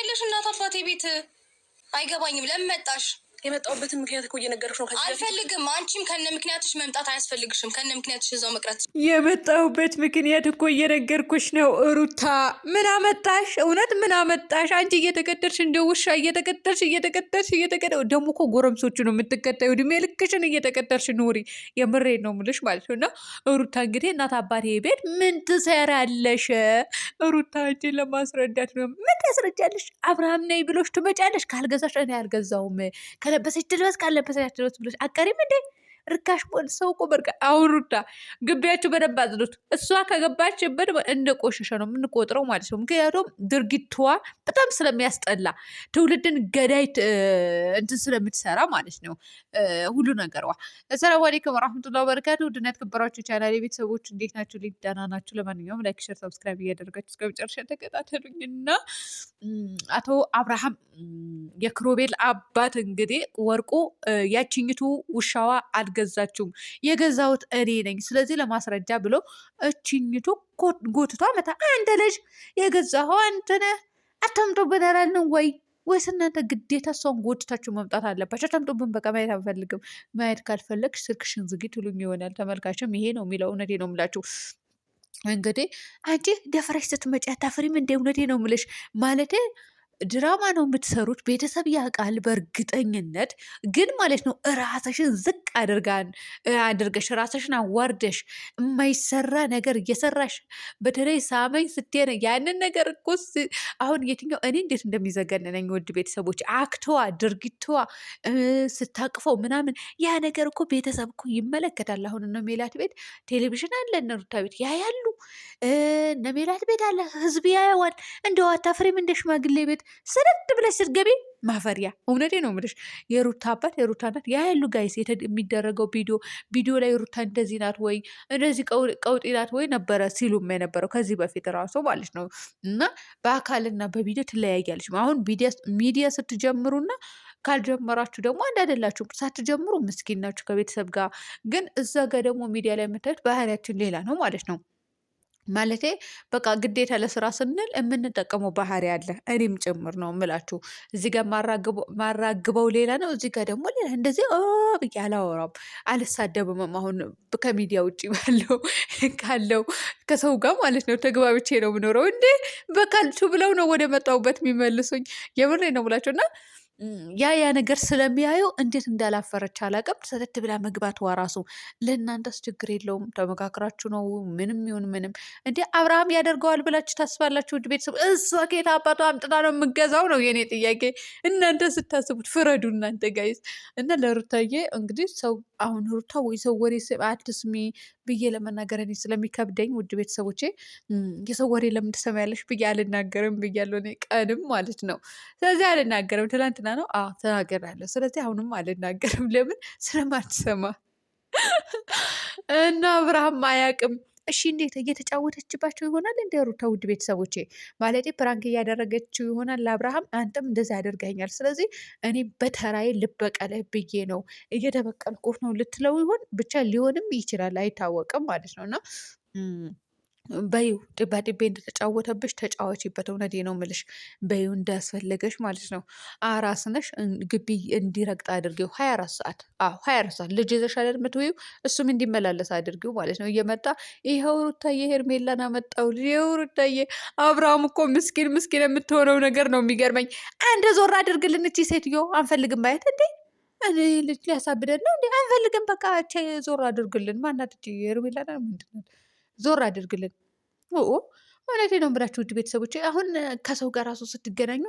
የለሽ እናት አባቴ ቤት አይገባኝም። ለምን መጣሽ? የመጣሁበትን ምክንያት እኮ እየነገርኩሽ ነው። አልፈልግም። አንቺም ከነ ምክንያትሽ መምጣት አያስፈልግሽም። ከነ ምክንያትሽ እዛው መቅረት። የመጣሁበት ምክንያት እኮ እየነገርኩሽ ነው። ሩታ ምን አመጣሽ? እውነት ምን አመጣሽ? አንቺ እየተቀጠርሽ እንደ ውሻ እየተቀጠርሽ እየተቀጠርሽ እየተቀጠ ደግሞ እኮ ጎረምሶቹ ነው የምትቀጠዩ። ድሜ ልክሽን እየተቀጠርሽ ኑሪ። የምሬ ነው ምልሽ ማለት ነው። እና ሩታ እንግዲህ እናት አባቴ ቤት ምን ትሰራለሽ? ሩታ አንቺን ለማስረዳት ነው። ምን ታስረጃለሽ? አብርሃም ነይ ብሎሽ ትመጫለሽ። ካልገዛሽ እኔ አልገዛውም ከለበሰች ትልበስ፣ ካለበሰች አትልበስ ብሎች አቀሪም እንዴ? ርካሽ ቦን ሰው እኮ በርቃ አውሩዳ ግቢያቸው በደንብ አጽዱት። እሷ ከገባችበት እንደ ቆሸሸ ነው የምንቆጥረው ማለት ነው። ምክንያቱም ድርጊትዋ በጣም ስለሚያስጠላ ትውልድን ገዳይ እንትን ስለምትሰራ ማለት ነው ሁሉ ነገሯ። ሰላም አለይኩም ወራህመቱላ ወበረካቱ። ውድና የተከበራችሁ ቻናል የቤተሰቦች እንዴት ናችሁ? ሊዳና ናችሁ? ለማንኛውም ላይክ፣ ሸር፣ ሰብስክራይብ እያደረጋችሁ እስከ መጨረሻ ተከታተሉኝ እና አቶ አብርሃም የክሮቤል አባት እንግዲህ ወርቁ ያችኝቱ ውሻዋ አል አልገዛችሁም፣ የገዛሁት እኔ ነኝ። ስለዚህ ለማስረጃ ብሎ እችኝቱ ጎትቷ መታ። አንተ ልጅ የገዛኸው አንተ ነህ፣ አታምጡብን አላልንም ወይ? ወይስ እናንተ ግዴታ እሷን ጎትታችሁ መምጣት አለባቸው? አታምጡብን። በቃ ማየት አንፈልግም። ማየት ካልፈለግሽ ስልክሽን ዝጊ ትሉኝ ይሆናል። ተመልካችም ይሄ ነው የሚለው። እውነቴ ነው የምላችሁ እንግዲህ አንቺ ደፍረሽ ስትመጪ አታፍሪም እንደ እውነቴ ነው የምልሽ ማለቴ ድራማ ነው የምትሰሩት፣ ቤተሰብ ያውቃል በእርግጠኝነት ግን ማለት ነው ራሳሽን ዝቅ አድርገሽ ራሳሽን አዋርደሽ የማይሰራ ነገር እየሰራሽ በተለይ ሳመኝ ስትሄነ ያንን ነገር እኮ አሁን የትኛው እኔ እንዴት እንደሚዘገነነኝ ውድ ቤተሰቦች፣ አክተዋ ድርጊትዋ ስታቅፈው ምናምን ያ ነገር እኮ ቤተሰብ እኮ ይመለከታል። አሁን እነ ሜላት ቤት ቴሌቪዥን አለ እነ ሩታ ቤት ያ ያሉ እነ ሜላት ቤት አለ ህዝብ ያየዋል። እንደው አታፍሬም እንደ ሽማግሌ ቤት ስርድ ብለሽ ስትገቢ ማፈሪያ። እውነቴ ነው የምልሽ። የሩታ አባት የሩታ ናት ያ ያሉ ጋይስ የሚደረገው ቪዲዮ ቪዲዮ ላይ ሩታ እንደዚህ ናት ወይ እንደዚህ ቀውጢ ናት ወይ ነበረ ሲሉም የነበረው ከዚህ በፊት ራሱ ማለት ነው። እና በአካልና በቪዲዮ ትለያያለች። አሁን ሚዲያ ስትጀምሩና ካልጀመራችሁ ደግሞ አንድ አይደላችሁም። ሳትጀምሩ ምስኪን ናችሁ ከቤተሰብ ጋር። ግን እዛ ጋር ደግሞ ሚዲያ ላይ የምታዩት ባህሪያችን ሌላ ነው ማለት ነው። ማለቴ በቃ ግዴታ ለስራ ስንል የምንጠቀመው ባህሪ አለ። እኔም ጭምር ነው ምላችሁ። እዚህ ጋር ማራግበው ሌላ ነው፣ እዚህ ጋር ደግሞ ሌላ። እንደዚህ ብዬ አላወራም፣ አልሳደብምም። አሁን ከሚዲያ ውጭ ባለው ካለው ከሰው ጋር ማለት ነው ተግባብቼ ነው የምኖረው። እንዴ በቃልቹ ብለው ነው ወደ መጣሁበት የሚመልሱኝ። የምሬ ነው የምላችሁ እና ያ ያ ነገር ስለሚያዩ እንዴት እንዳላፈረች አላቅም። ሰተት ብላ መግባትዋ ራሱ ለእናንተስ ችግር የለውም ተመካክራችሁ ነው። ምንም ይሁን ምንም እንዲ አብርሃም ያደርገዋል ብላችሁ ታስባላችሁ? ውድ ቤተሰብ እሷ ከየት አባቷ አምጥታ ነው የምገዛው ነው የኔ ጥያቄ። እናንተ ስታስቡት ፍረዱ እናንተ ጋይስ። እና ለሩታዬ እንግዲህ ሰው አሁን ሩታ ወይ ሰው ወሬ አትስሚ ብዬ ለመናገር እኔ ስለሚከብደኝ ውድ ቤተሰቦቼ የሰው ወሬ ለምን ትሰማያለሽ ብዬ አልናገርም ብያለሁ። ቀንም ማለት ነው ስለዚህ አልናገርም ትላንትና ነው? አዎ ስለዚህ አሁንም አልናገርም። ለምን ስለማትሰማ እና አብርሃም አያውቅም። እሺ እንዴት እየተጫወተችባቸው ይሆናል? እንደ ሩታ ውድ ቤተሰቦቼ ማለቴ ፕራንክ እያደረገችው ይሆናል ለአብርሃም። አንተም እንደዛ ያደርገኛል፣ ስለዚህ እኔ በተራዬ ልበቀለ ብዬ ነው እየተበቀልኩ ነው ልትለው ይሆን? ብቻ ሊሆንም ይችላል አይታወቅም ማለት ነው እና በይው ጢባ እንደተጫወተብሽ ተጫዋችበት። እውነቴ ነው ምልሽ፣ በይው እንዳስፈለገሽ ማለት ነው። አራስነሽ ግቢ እንዲረግጥ አድርጌው ሀያ አራት ሰዓት። አዎ ሀያ አራት ሰዓት ልጅ ይዘሽ አይደል የምትውይው፣ እሱም እንዲመላለስ አድርጌው ማለት ነው። እየመጣ ይኸው ሩታዬ ሄርሜላን አመጣው፣ ይኸው ሩታዬ። አብርሃም እኮ ምስኪን ምስኪን የምትሆነው ነገር ነው የሚገርመኝ። አንድ ዞር አድርግልን፣ እቺ ሴትዮ አንፈልግም ማየት እንዴ እኔ ልጅ ሊያሳብደን ነው እንዴ? አንፈልግም በቃ ዞር አድርግልን። ማናት ሄርሜላ ምንድን ዞር አድርግልን። እውነቴን ነው ብላችሁ ውድ ቤተሰቦች፣ አሁን ከሰው ጋር ራሱ ስትገናኙ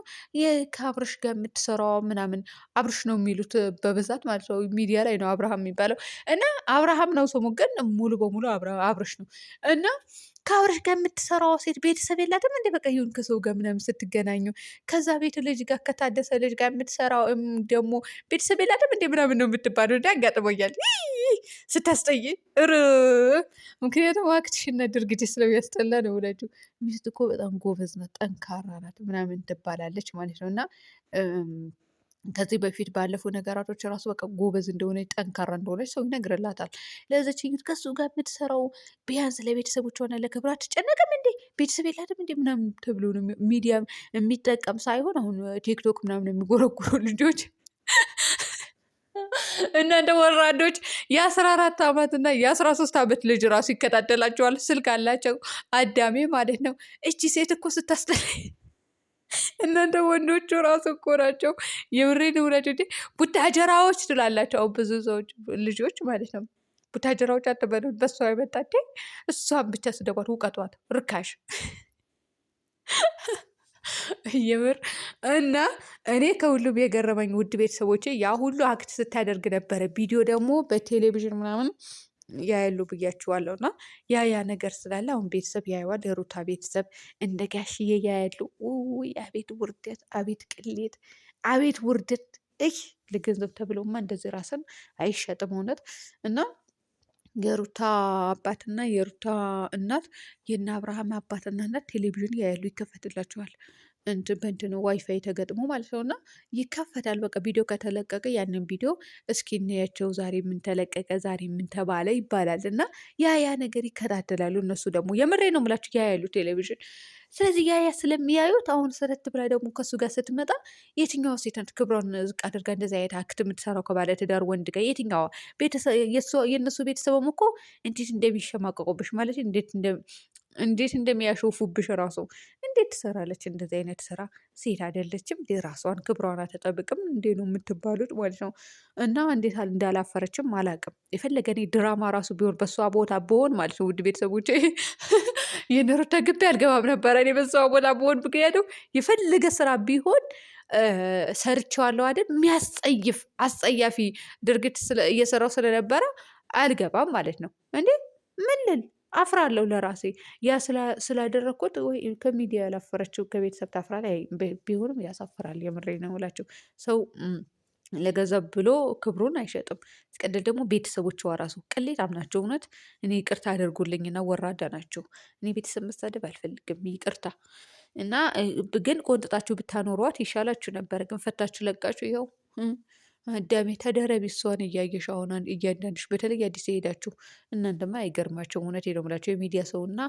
ከአብርሽ ጋር የምትሰራው ምናምን አብርሽ ነው የሚሉት በብዛት ማለት ነው። ሚዲያ ላይ ነው አብርሃም የሚባለው እና አብርሃም ነው ስሙ፣ ግን ሙሉ በሙሉ አብርሽ ነው እና ከአብረሽ ጋር የምትሰራው ሴት ቤተሰብ የላትም እንደ በቃ ይሁን ከሰው ጋር ምናምን ስትገናኙ ከዛ ቤት ልጅ ጋር ከታደሰ ልጅ ጋር የምትሰራው ደግሞ ቤተሰብ የላትም እንደ ምናምን ነው የምትባለው። እንደ አጋጥሞኛል ስታስጠይ ር ምክንያቱም ዋክትሽና ድርግጅ ስለሚያስጠላ ነው። ወዳጁ ሚስት እኮ በጣም ጎበዝ ናት፣ ጠንካራ ናት ምናምን ትባላለች ማለት ነው እና ከዚህ በፊት ባለፉ ነገራቶች ራሱ በቃ ጎበዝ እንደሆነች ጠንካራ እንደሆነች ሰው ይነግርላታል። ለዘችኝት ከሱ ጋር የምትሰራው ቢያንስ ለቤተሰቦች ሆነ ለክብራ አትጨነቅም እንዴ? ቤተሰብ የላትም እንዴ? ምናምን ተብሎ ነው ሚዲያ የሚጠቀም ሳይሆን አሁን ቲክቶክ ምናምን የሚጎረጉሩ ልጆች እናንተ ወራዶች የአስራ አራት ዓመት እና የአስራ ሶስት ዓመት ልጅ ራሱ ይከታተላቸዋል። ስልክ አላቸው አዳሜ ማለት ነው። እቺ ሴት እኮ ስታስጠላኝ እናንተ ወንዶቹ ራሱ እኮ ናቸው። የብሬን ሁላቸው እ ቡታጀራዎች ትላላቸው። ብዙ ሰዎች ልጆች ማለት ነው ቡታጀራዎች አትበሉ። በሷ የመጣ እሷን ብቻ ስደቧት፣ ውቀቷት፣ ርካሽ የምር እና እኔ ከሁሉም የገረመኝ ውድ ቤተሰቦች ያ ሁሉ አክት ስታደርግ ነበረ። ቪዲዮ ደግሞ በቴሌቪዥን ምናምን ያያሉ ብያችኋለሁ። እና ያ ያ ነገር ስላለ አሁን ቤተሰብ ያየዋል። የሩታ ቤተሰብ እንደ ጋሽዬ ያያሉ። ውይ አቤት ውርደት፣ አቤት ቅሌት፣ አቤት ውርደት። ይህ ለገንዘብ ተብለውማ እንደዚህ ራስን አይሸጥም እውነት እና የሩታ አባትና የሩታ እናት የእነ አብርሃም አባትና እናት ቴሌቪዥን ያያሉ፣ ይከፈትላቸዋል። በእንትኑ ዋይፋይ ተገጥሞ ማለት ነው እና ይከፈታል። በቃ ቪዲዮ ከተለቀቀ ያንን ቪዲዮ እስኪ እናያቸው ዛሬ ምን ተለቀቀ፣ ዛሬ ምን ተባለ ይባላል እና ያ ያ ነገር ይከታተላሉ። እነሱ ደግሞ የምሬ ነው የምላችሁ ያያሉ ቴሌቪዥን። ስለዚህ ያ ያ ስለሚያዩት አሁን ስረት ብላ ደግሞ ከሱ ጋር ስትመጣ የትኛዋ ሴት ናት ክብሯን ዝቅ አድርጋ እንደዚ አይነት አክት የምትሰራው ከባለ ትዳር ወንድ ጋር? የትኛዋ የእነሱ ቤተሰብም እኮ እንዴት እንደሚሸማቀቁብሽ ማለት እንዴት እንዴት እንደሚያሾፉብሽ ራሱ እንዴት ትሰራለች እንደዚህ አይነት ስራ? ሴት አይደለችም እንዴ? ራሷን ክብሯን አትጠብቅም እንዴ ነው የምትባሉት ማለት ነው። እና እንዴት እንዳላፈረችም አላቅም። የፈለገ እኔ ድራማ ራሱ ቢሆን በእሷ ቦታ ብሆን ማለት ነው፣ ውድ ቤተሰቦቼ የኑሮ ተግቤ አልገባም ነበረ እኔ በእሷ ቦታ ብሆን። ምክንያቱም የፈለገ ስራ ቢሆን ሰርቼዋለሁ አይደል? የሚያስጸይፍ አስጸያፊ ድርጊት እየሰራው ስለነበረ አልገባም ማለት ነው። እንዴ ምን ልል አፍራለሁ ለራሴ ያ ስላደረግኩት ወይ ከሚዲያ ያላፈረችው ከቤተሰብ ታፍራል። ቢሆንም ያሳፍራል። የምሬ ነው ላቸው ሰው ለገዛ ብሎ ክብሩን አይሸጥም። ሲቀድል ደግሞ ቤተሰቦቿ ራሱ ቅሌታም ናቸው። እውነት እኔ ይቅርታ አድርጉልኝና ወራዳ ናቸው። እኔ ቤተሰብ መሳደብ አልፈልግም፣ ይቅርታ እና ግን ቆንጥጣችሁ ብታኖሯት ይሻላችሁ ነበር። ግን ፈታችሁ ለቃችሁ ይኸው ደሜ ተደረቢ እሷን እያየሽ አሁን እያንዳንድሽ በተለይ አዲስ የሄዳችሁ እናንተማ አይገርማቸው። እውነት ሄደው ምላቸው የሚዲያ ሰውና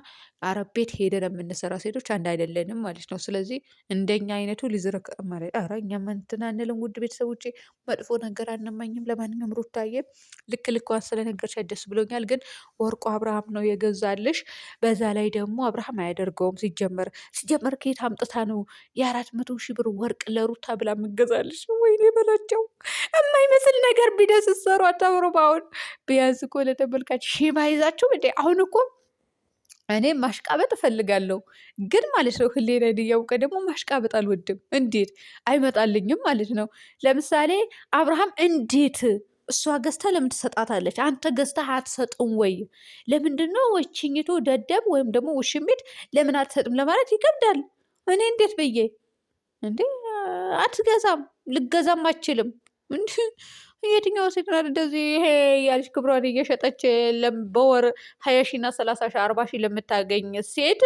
አረብ ቤት ሄደን የምንሰራ ሴቶች አንድ አይደለንም ማለት ነው። ስለዚህ እንደኛ አይነቱ ሊዝረክ ማለት ኧረ እኛ እንትን አንልም። ውድ ውጭ መጥፎ ነገር አንመኝም። ለማንኛውም ሩታዬ ልክ ልኳን ስለነገርሻት ደስ ብሎኛል። ግን ወርቁ አብርሃም ነው የገዛልሽ። በዛ ላይ ደግሞ አብርሃም አያደርገውም ሲጀመር ሲጀመር ከየት አምጥታ ነው የአራት መቶ ሺህ ብር ወርቅ ለሩታ ብላ የምገዛልሽ? ወይኔ በላቸው የማይመስል ነገር ቢደስ ሰሩ አታምሮ በአሁን ቢያንስ እኮ ለተመልካች ሺማ ይዛችሁም አሁን እኮ እኔ ማሽቃበጥ እፈልጋለሁ ግን ማለት ነው ህሌና እያውቀ ደግሞ ማሽቃበጥ አልወድም። እንዴት አይመጣልኝም ማለት ነው። ለምሳሌ አብርሃም እንዴት እሷ ገዝታ ለምን ትሰጣታለች? አንተ ገዝታ አትሰጥም ወይ? ለምንድን ነው ወችኝቱ ደደብ ወይም ደግሞ ውሽሚት ለምን አትሰጥም ለማለት ይከብዳል። እኔ እንዴት ብዬ እንዴ አትገዛም፣ ልገዛም አችልም የትኛው ሴት ናት እንደዚህ ይሄ ያልሽ ክብሯን እየሸጠች በወር ሀያ ሺ ሺና ሰላሳ ሺ አርባ ሺ ለምታገኝ ሴት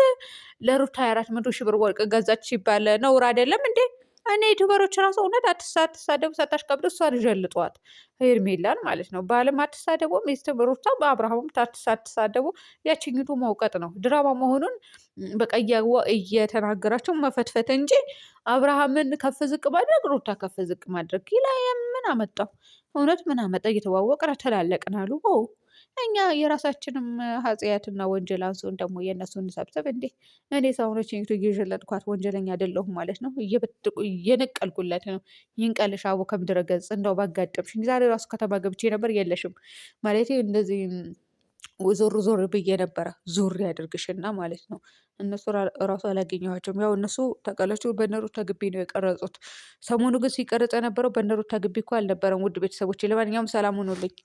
ለሩት ሀያ አራት መቶ ሺ ብር ወርቅ ገዛች ሲባል ነውር አይደለም እንዴ? እኔ ዩቱበሮች ራሱ እውነት አትሳደቡ ሳታሽቀብዱ እሷን ዠልጧት ሄርሜላን ማለት ነው። ባልም አትሳደቡ፣ ሚስትም ሩታ በአብርሃምም አትሳደቡ። ያችኝቱ መውቀጥ ነው ድራማ መሆኑን በቀያዋ እየተናገራቸው መፈትፈት እንጂ አብርሃምን ከፍ ዝቅ ማድረግ ሩታ ከፍ ዝቅ ማድረግ ይላየም ምን አመጣው እውነት ምን አመጣ እየተዋወቅን ተላለቅን አሉ። እኛ የራሳችንም ኃጢአትና ወንጀል አንሶን ደግሞ የእነሱን እንሰብስብ እንዴ? እኔ ሰውኖች ኝቱ እየዠለጥኳት ወንጀለኛ አይደለሁም ማለት ነው። እየነቀልኩለት ነው። ይንቀልሽ አቦ ከምድረ ገጽ እንደው ባጋጠምሽ። ዛሬ ራሱ ከተማ ገብቼ ነበር የለሽም ማለት እንደዚህ ዞር ዞር ብዬ ነበረ ዞር ያድርግሽና ማለት ነው። እነሱ ራሱ አላገኘኋቸውም። ያው እነሱ ተቀለችው በነሩታ ግቢ ነው የቀረጹት። ሰሞኑ ግን ሲቀረጽ የነበረው በነሩታ ግቢ እኮ አልነበረም። ውድ ቤተሰቦች ለማንኛውም ሰላም ሁኑልኝ።